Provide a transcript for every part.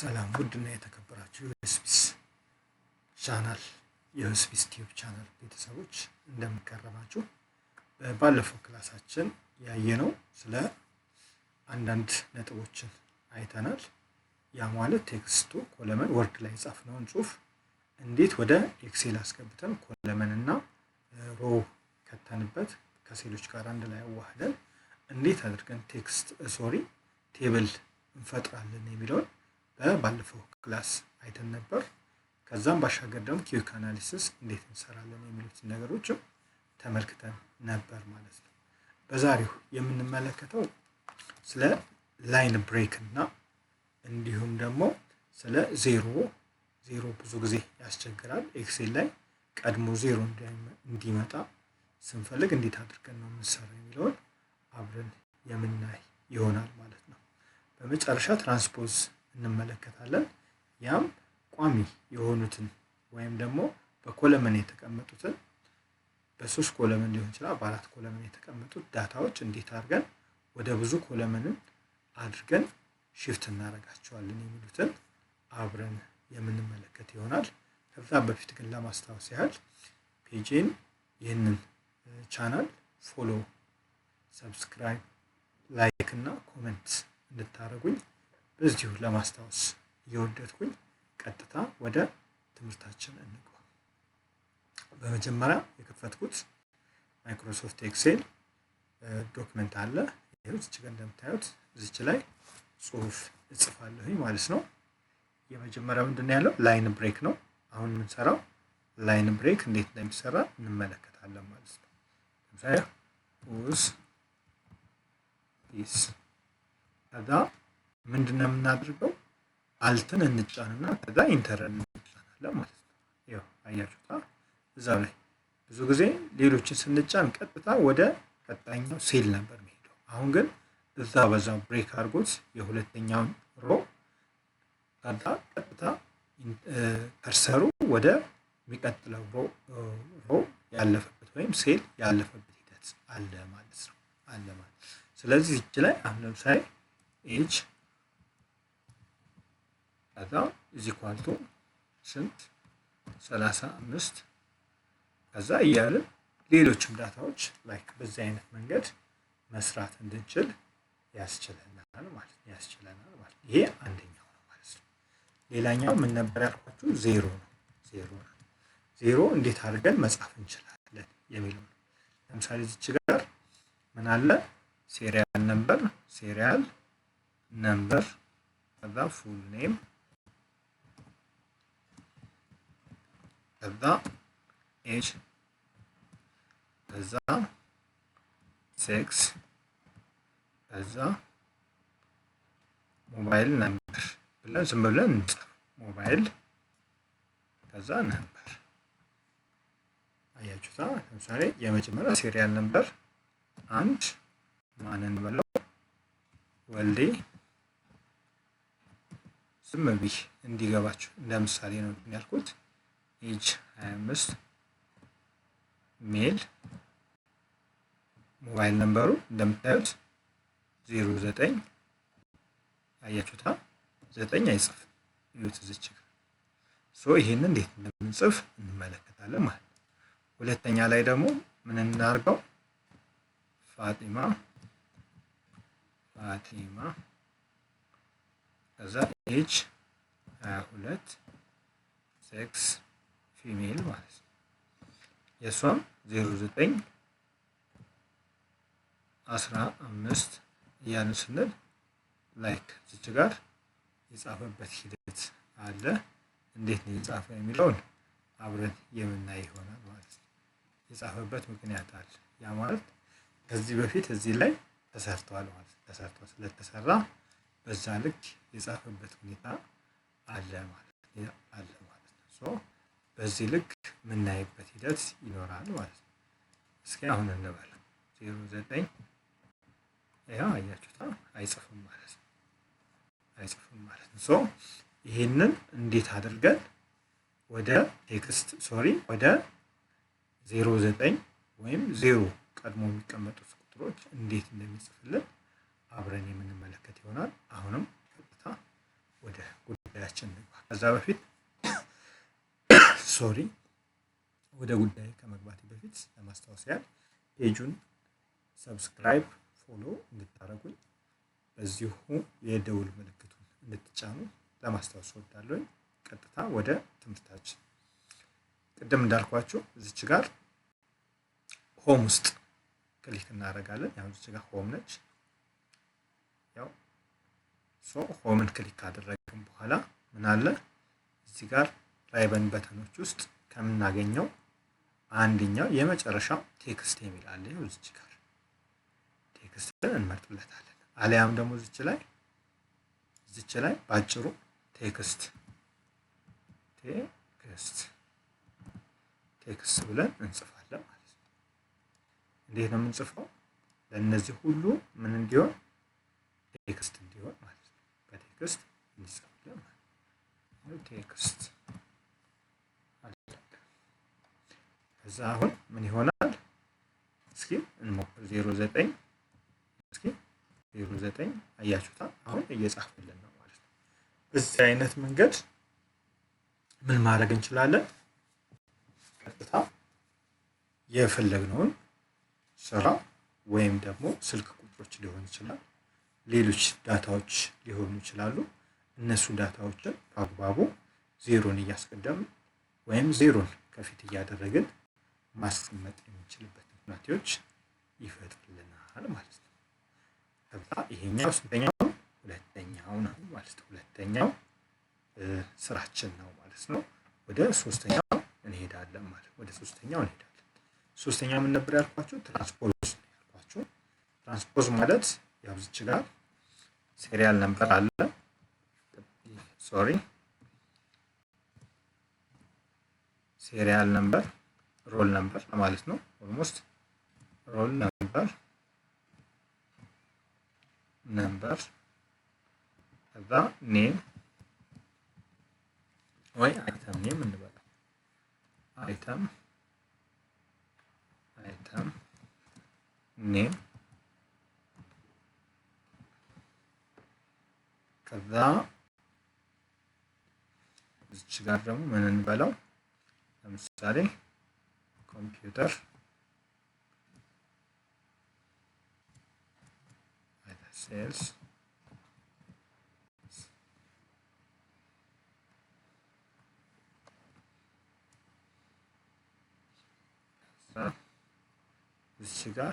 ሰላም ውድና የተከበራችሁ የሆስፒስ ቻናል የሆስፒስ ቲዩብ ቻናል ቤተሰቦች እንደምንቀረባችሁ። ባለፈው ክላሳችን ያየነው ስለ አንዳንድ ነጥቦችን አይተናል። ያ ማለት ቴክስቱ ኮለመን ወርድ ላይ የጻፍነውን ጽሁፍ እንዴት ወደ ኤክሴል አስገብተን እና ሮ ከተንበት ከሴሎች ጋር አንድ ላይ አዋህደን እንዴት አድርገን ቴክስት ሶሪ ቴብል እንፈጥራለን የሚለውን በባለፈው ክላስ አይተን ነበር። ከዛም ባሻገር ደግሞ ኪዩክ አናሊሲስ እንዴት እንሰራለን የሚሉትን ነገሮችም ተመልክተን ነበር ማለት ነው። በዛሬው የምንመለከተው ስለ ላይን ብሬክ እና እንዲሁም ደግሞ ስለ ዜሮ ዜሮ ብዙ ጊዜ ያስቸግራል። ኤክሴል ላይ ቀድሞ ዜሮ እንዲመጣ ስንፈልግ እንዴት አድርገን ነው የምንሰራ የሚለውን አብረን የምናይ ይሆናል ማለት ነው። በመጨረሻ ትራንስፖዝ እንመለከታለን። ያም ቋሚ የሆኑትን ወይም ደግሞ በኮለመን የተቀመጡትን በሶስት ኮለመን ሊሆን ይችላል፣ በአራት ኮለመን የተቀመጡት ዳታዎች እንዴት አድርገን ወደ ብዙ ኮለመንን አድርገን ሽፍት እናደርጋቸዋለን የሚሉትን አብረን የምንመለከት ይሆናል። ከዛ በፊት ግን ለማስታወስ ያህል ፔጄን ይህንን ቻናል ፎሎ፣ ሰብስክራይብ፣ ላይክ እና ኮመንት እንድታደርጉኝ በዚሁ ለማስታወስ እየወደድኩኝ ቀጥታ ወደ ትምህርታችን እንግባ። በመጀመሪያ የከፈትኩት ማይክሮሶፍት ኤክሴል ዶክመንት አለ። ይኸው እዚች ጋር እንደምታዩት እዚች ላይ ጽሁፍ እጽፋለሁኝ ማለት ነው። የመጀመሪያው ምንድን ነው ያለው ላይን ብሬክ ነው። አሁን የምንሰራው ላይን ብሬክ እንዴት እንደሚሰራ እንመለከታለን ማለት ነው። ለምሳሌ ዝ ዲስ ምንድን ነው የምናደርገው? አልትን እንጫንና ከዛ ኢንተር እንጫናለን ማለት ነው። ያው አያችሁታ እዛ ላይ ብዙ ጊዜ ሌሎችን ስንጫን ቀጥታ ወደ ቀጣኛው ሴል ነበር የሚሄደው። አሁን ግን እዛ በዛው ብሬክ አድርጎት የሁለተኛውን ሮ ከዛ ቀጥታ ከርሰሩ ወደ የሚቀጥለው ሮ ያለፈበት ወይም ሴል ያለፈበት ሂደት አለ ማለት ነው አለ ማለት ስለዚህ እጅ ላይ አሁን ለምሳሌ ኤች ከዛ እዚ ኳልቶ ስንት ሰላሳ አምስት ከዛ እያልን ሌሎችም ዳታዎች ላይክ በዚህ አይነት መንገድ መስራት እንድንችል ያስችለናል ማለት ነው ያስችለናል ማለት ነው። ይሄ አንደኛው ነው ማለት ነው። ሌላኛው ምን ነበር ያልኳችሁ? ዜሮ ነው ዜሮ ነው ዜሮ እንዴት አድርገን መጻፍ እንችላለን የሚለው ነው። ለምሳሌ እዚች ጋር ምን አለ? ሴሪያል ነምበር ሴሪያል ነምበር ከዛ ፉል ኔም ከዛ ኤች ከዛ ሴክስ ከዛ ሞባይል ነበር ብለን ዝም ብለን እንጽፍ ሞባይል ከዛ ነበር። አያችሁታ። ለምሳሌ የመጀመሪያ ሲሪያል ነበር አንድ ማንን በለው ወልዴ ዝም ብዬ እንዲገባችሁ እንደምሳሌ ነው ያልኩት። ኤጅ 25 ሜል ሞባይል ነምበሩ እንደምታዩት 09 አያችሁታ፣ 9 አይጽፍ ይሁት ዝች ሶ ይህንን እንዴት እንደምንጽፍ እንመለከታለን ማለት ነው። ሁለተኛ ላይ ደግሞ ምን እናርገው? ፋጢማ ፋቲማ ከዛ ኤጅ 22 ሴክስ ፊሜል ማለት ነው። የእሷም ዜሮ ዘጠኝ አስራ አምስት እያልን ስንል ላይክ ዝች ጋር የጻፈበት ሂደት አለ። እንዴት ነው የጻፈ የሚለውን አብረን የምናይ ይሆናል ማለት ነው። የጻፈበት ምክንያት አለ። ያ ማለት ከዚህ በፊት እዚህ ላይ ተሰርተዋል ማለት ነው። ተሰርተዋል ስለተሰራ በዛ ልክ የጻፈበት ሁኔታ አለ ማለት አለ ማለት ነው። በዚህ ልክ የምናይበት ሂደት ይኖራል ማለት ነው። እስኪ አሁን እንበለን ዜሮ ዘጠኝ ይኸው አያችሁታ አይጽፍም ማለት ነው። አይጽፍም ማለት ነው። ሶ ይህንን እንዴት አድርገን ወደ ቴክስት ሶሪ ወደ ዜሮ ዘጠኝ ወይም ዜሮ ቀድሞ የሚቀመጡት ቁጥሮች እንዴት እንደሚጽፍልን አብረን የምንመለከት ይሆናል። አሁንም ቀጥታ ወደ ጉዳያችን እንግባ። ከዛ በፊት ሶሪ ወደ ጉዳይ ከመግባቴ በፊት ለማስታወስ ያህል ፔጁን ሰብስክራይብ፣ ፎሎ እንድታደረጉኝ በዚሁ የደውል ምልክቱን እንድትጫኑ ለማስታወስ ወዳለኝ። ቀጥታ ወደ ትምህርታችን ቅድም እንዳልኳችሁ እዚች ጋር ሆም ውስጥ ክሊክ እናደረጋለን። ያው እዚች ጋር ሆም ነች። ያው ሶ ሆምን ክሊክ ካደረግን በኋላ ምን አለ እዚህ ጋር ሪበን በተኖች ውስጥ ከምናገኘው አንደኛው የመጨረሻው ቴክስት የሚል አለ። ይኸው እዚች ጋር ቴክስትን እንመርጥለታለን። አሊያም ደግሞ እዚች ላይ እዚች ላይ ባጭሩ ቴክስት ቴክስት ቴክስት ብለን እንጽፋለን ማለት ነው። እንዴት ነው የምንጽፈው? ለእነዚህ ሁሉ ምን እንዲሆን ቴክስት እንዲሆን ማለት ነው። በቴክስት እንጽፋለን ማለት ነው። ቴክስት እዛ አሁን ምን ይሆናል? እስኪ እንሞክር። ዜሮ ዘጠኝ እስኪ ዜሮ ዘጠኝ አያችሁታ? አሁን እየጻፈልን ነው ማለት ነው። በዚህ አይነት መንገድ ምን ማድረግ እንችላለን? ቀጥታ የፈለግነውን ስራ ወይም ደግሞ ስልክ ቁጥሮች ሊሆን ይችላል፣ ሌሎች ዳታዎች ሊሆኑ ይችላሉ። እነሱ ዳታዎችን በአግባቡ ዜሮን እያስቀደምን ወይም ዜሮን ከፊት እያደረግን ማስቀመጥ የምንችልበት ምክንያቶች ይፈጥርልናል ማለት ነው። ከዛ ይሄኛው ስንተኛው ነው? ሁለተኛው ነው ማለት ነው። ሁለተኛው ስራችን ነው ማለት ነው። ወደ ሶስተኛው እንሄዳለን ማለት ነው። ወደ ሶስተኛው እንሄዳለን። ሶስተኛ ምን ነበር ያልኳችሁ? ትራንስፖዝ ነው ያልኳችሁ። ትራንስፖዝ ማለት ያው እዚች ጋር ሴሪያል ነበር አለ ሶሪ ሴሪያል ነበር ሮል ነምበር ማለት ነው። ኦልሞስት ሮል ነምበር ነምበር ከዛ ኔም ወይ አይተም ኔም እንበላ አይተም አይተም ኔም ከዛ እዚች ጋር ደግሞ ምን እንበለው ለምሳሌ computer either sales this cigar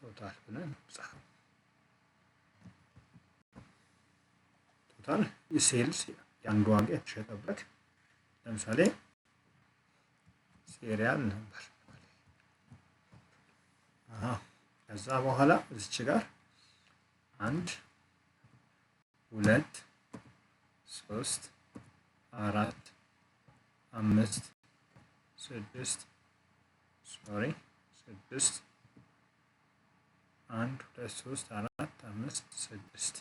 total ብለን ጻፍ ቶታል የሴልስ የአንዱ ዋጋ የተሸጠበት ለምሳሌ ኤሪያል ነበር። ከዛ በኋላ እዚች ጋር አንድ ሁለት ሶስት አራት አምስት ስድስት ሶሪ ስድስት አንድ ሁለት ሶስት አራት አምስት ስድስት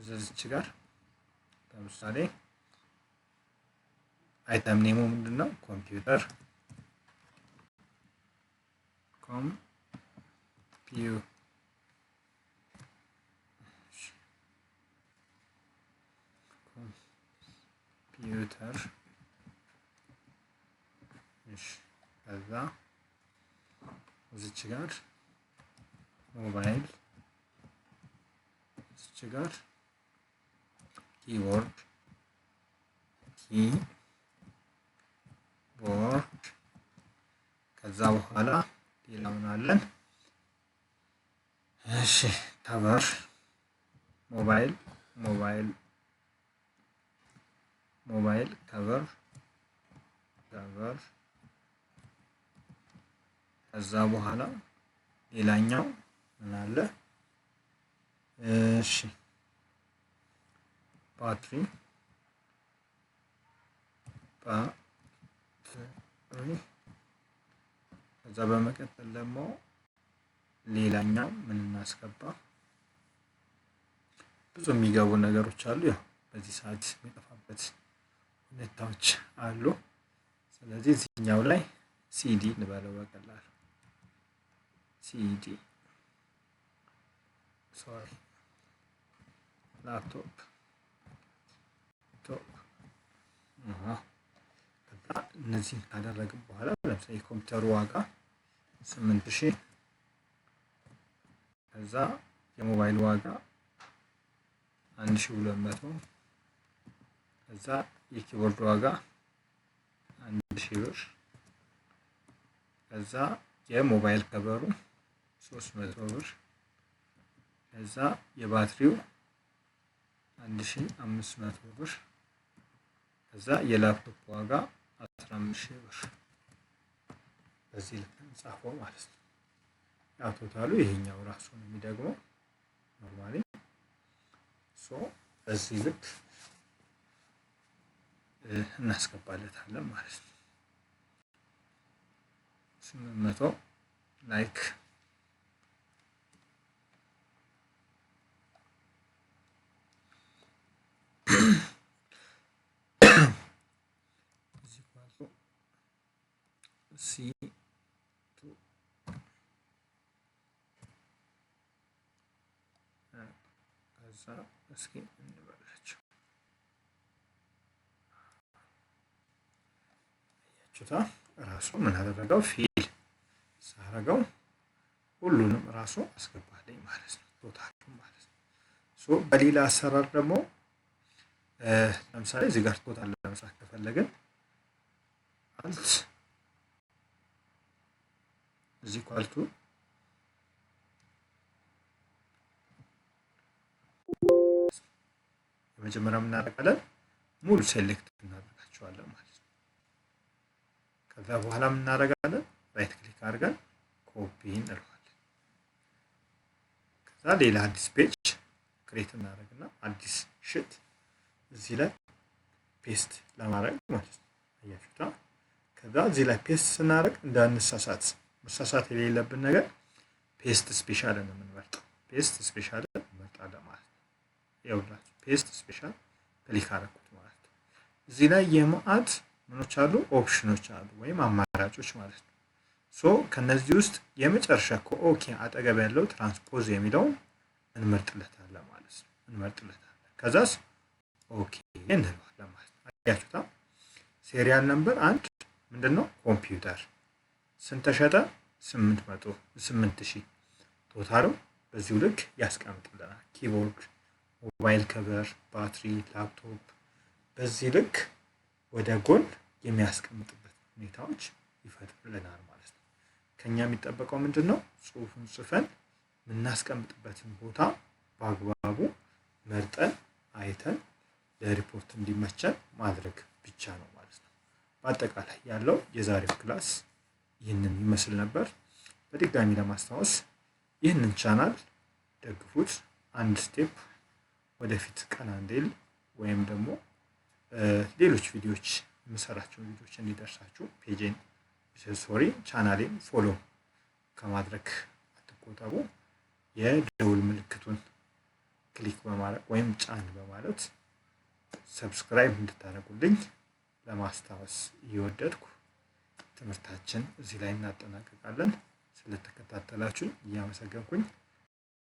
እዚች ጋር ለምሳሌ አይተም ኔሙ ምንድን ነው? ኮምፒውተር ኮምፒውተር ከዛ እዚች ጋር ሞባይል እዚች ጋር ኪቦርድ ኪ ቦ ከዛ በኋላ ሌላ ምን አለን? እሺ ከቨር ሞባይል ሞባይል ሞባይል ከቨር ከቨር ከዛ በኋላ ሌላኛው ምን አለ? እሺ ባትሪ ከዛ በመቀጠል ደግሞ ሌላኛው ምን እናስገባ? ብዙ የሚገቡ ነገሮች አሉ ያው በዚህ ሰዓት የሚጠፋበት ሁኔታዎች አሉ። ስለዚህ እዚህኛው ላይ ሲዲ እንበለው በቀላሉ ሲዲ ሶሪ ላፕቶፕ ቶፕ እነዚህ ካደረግን በኋላ ለምሳሌ የኮምፒውተሩ ዋጋ ስምንት ሺህ ከዛ የሞባይል ዋጋ አንድ ሺህ ሁለት መቶ ከዛ የኪቦርድ ዋጋ አንድ ሺህ ብር ከዛ የሞባይል ከበሩ ሶስት መቶ ብር ከዛ የባትሪው አንድ ሺህ አምስት መቶ ብር ከዛ የላፕቶፕ ዋጋ አስራ አምስት ሺህ ብር በዚህ ልክ እንጻፈው ማለት ነው። ያ ቶታሉ ይሄኛው ራሱ ነው የሚደግመው ኖርማሊ ሶ በዚህ ልክ እናስገባለታለን ማለት ነው ስምንት መቶ ላይክ si tu ከዛ እስኪ እንበላቸው ራሱ ምን አደረገው ፊል ሳረገው ሁሉንም ራሱ ማለት ነው። ቶታሉ ማለት ነው። በሌላ አሰራር ደግሞ ለምሳሌ እዚህ ጋር ቶታል ከፈለግን is equal to የመጀመሪያው ሙሉ ሴሌክት እናደርጋቸዋለን ማለት ነው። ከዛ በኋላ የምናደርጋለን ራይት ክሊክ አድርገን ኮፒ እንለዋለን። ከዛ ሌላ አዲስ ፔጅ ክሬት እናደርግና አዲስ ሽት እዚህ ላይ ፔስት ለማድረግ ማለት ነው። አያችሁታ። ከዛ እዚህ ላይ ፔስት ስናደርግ እንዳንሳሳት መሳሳት የሌለብን ነገር ፔስት ስፔሻል ነው የምንመርጠው። ፔስት ስፔሻል እንመርጣለን ማለት ነው። ይኸውላችሁ ፔስት ስፔሻል ክሊክ አደረኩት ማለት ነው። እዚህ ላይ የመዓት ምኖች አሉ ኦፕሽኖች አሉ ወይም አማራጮች ማለት ነው። ሶ ከነዚህ ውስጥ የመጨረሻ ከኦኬ አጠገብ ያለው ትራንስፖዝ የሚለውን እንመርጥለታለን ማለት ነው። እንመርጥለታለን ከዛስ ኦኬ እንለዋለን ማለት ነው። አያችሁታ ሴሪያል ነምበር አንድ ምንድን ነው ኮምፒውተር ስንተሸጠ ስምንት መቶ ስምንት ሺህ ቶታሉ በዚሁ ልክ ያስቀምጥልናል። ኪቦርድ፣ ሞባይል ከቨር፣ ባትሪ፣ ላፕቶፕ በዚህ ልክ ወደ ጎን የሚያስቀምጥበት ሁኔታዎች ይፈጥርልናል ማለት ነው። ከኛ የሚጠበቀው ምንድን ነው? ጽሁፉን ጽፈን የምናስቀምጥበትን ቦታ በአግባቡ መርጠን አይተን ለሪፖርት እንዲመቸን ማድረግ ብቻ ነው ማለት ነው። በአጠቃላይ ያለው የዛሬው ክላስ ይህንን ይመስል ነበር። በድጋሚ ለማስታወስ ይህንን ቻናል ደግፉት፣ አንድ ስቴፕ ወደፊት ቀና እንዲል ወይም ደግሞ ሌሎች ቪዲዮዎች የምሰራቸውን ቪዲዮዎች እንዲደርሳችሁ ፔጄን ሶሪ ቻናሌን ፎሎ ከማድረግ አትቆጠቡ። የደውል ምልክቱን ክሊክ በማድረግ ወይም ጫን በማለት ሰብስክራይብ እንድታደርጉልኝ ለማስታወስ እየወደድኩ ትምህርታችን እዚህ ላይ እናጠናቀቃለን። ስለተከታተላችሁ እያመሰገንኩኝ